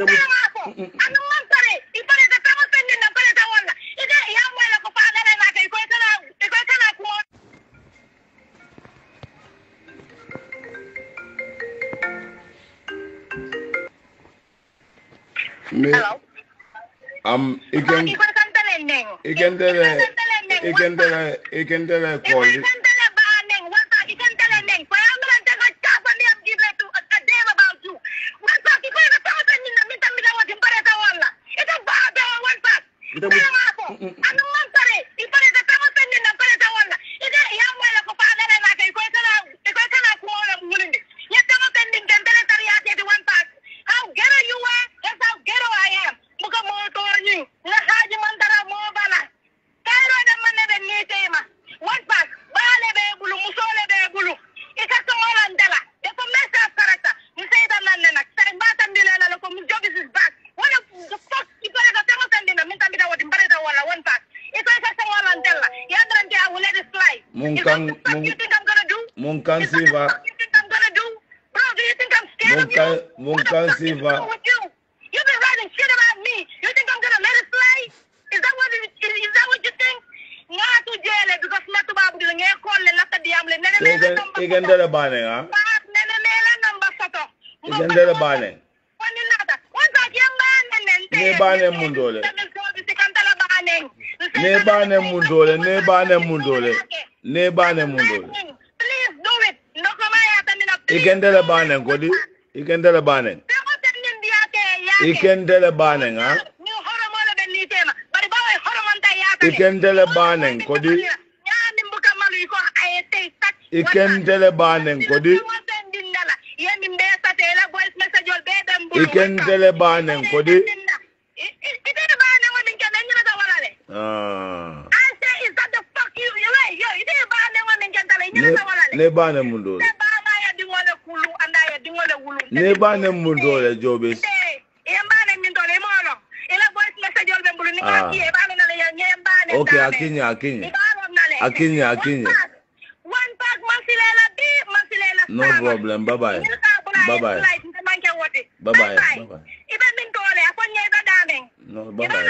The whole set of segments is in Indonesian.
No, no, no. de! ¡Y ta tamo estamos na con ta wala. ¡Y ya mwela ko pa na na ka la. kana ikwe kana Me. de de Kita mo... Ano Munkan, Mun, you think I'm gonna do? Munkan Silva. You think I'm gonna do? Bro, do you think I'm scared Munkan, of you? Munkan what Silva. With you? You've been writing shit about me. You think I'm gonna let it slide? Is that what it, is, is that what you think? nga tu jele because na tu babu ngi kon le lata diam le nene nene namba igen dara bane ha nene nene namba soto igen dara bane wani lata wanda jemba nene ne bane mundole ne bane mundole ne bane mundole nebane mundu ikendele banen kodi ikendele banen ikendele banen ha ikendele banen kodi ikendele banen kodi ikendele banen kodi ne ba ne mun do ne ba na ya di wala kulu anda ya di wala wulu ne ba ne mun do le jobe e ba ne min do le mo no e la voice message ol be mbulu ni ka ah. ki e ba na le ya ne ba okay akinya akinya akinya akinya one pack masile la bi masile la no problem bye bye bye bye bye bye bye bye ibe min do le akon ye ba dame no bye bye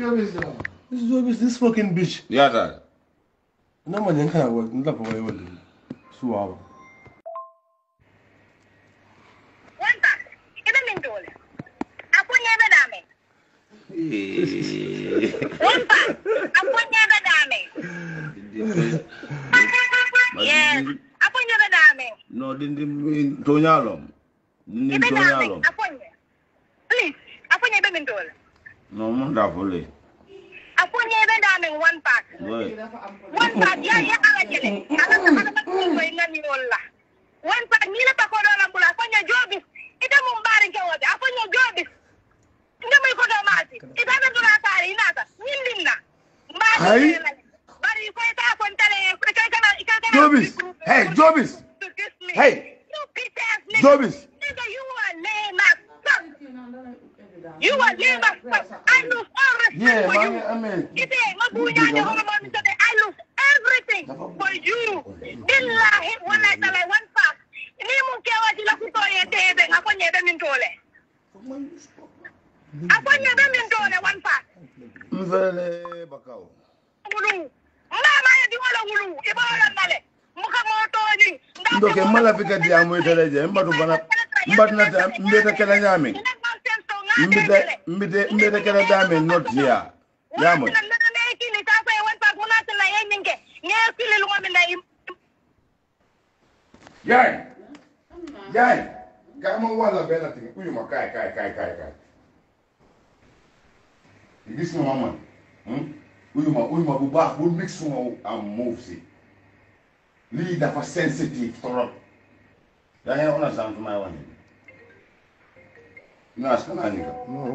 This fucking bitch Yata Nomanyen kaya wak Nda pa wak e wali Su waw Onpa Ibe min tole Apo nye ebe dame Onpa Apo nye ebe dame Apo nye ebe dame Non di di Ntonye alom Ibe e dame Apo nye Please Apo nye ibe min tole No wonder fully. Akuni ebe da min one part. One part ya ya ala jele. Ala ta mana ma ko ko ina mi One part mi la ta ko do la bula akonya jobi. ke wode akonya jobi. Ina mai ko do mati. Ita na dura tare ina ta. Min dinna. Mbari. Bari ko ita ko ntale ko Jobis. Hey Jobis. Hey. Jobis. You are there, but I lose all respect yeah, for you. I mean, Kita mempunyai hanya hormon itu. I lose everything for you. Billahi wallahi taala one fact. Ini mungkin awak jelas itu ya tebe ngapa nyebe mintole. Apa nyebe mintole one fast. Mzele bakau. Mulu. Mama ya diwala mulu. Ibala e male. Muka moto ni. Ndoke mala fika diamu iteleje. Mbatu bana. Mbatu nata mbeta kela nyami. mbide mbide mbide kana dame not here yamo yai yai kama wala bela tinga uyu makai kai kai kai kai gis nga ma man hmm? uyu ma uyu ma bu baax bu mix suma am move si lii dafa sensitive torop da ngay on a sant may wane 那是那我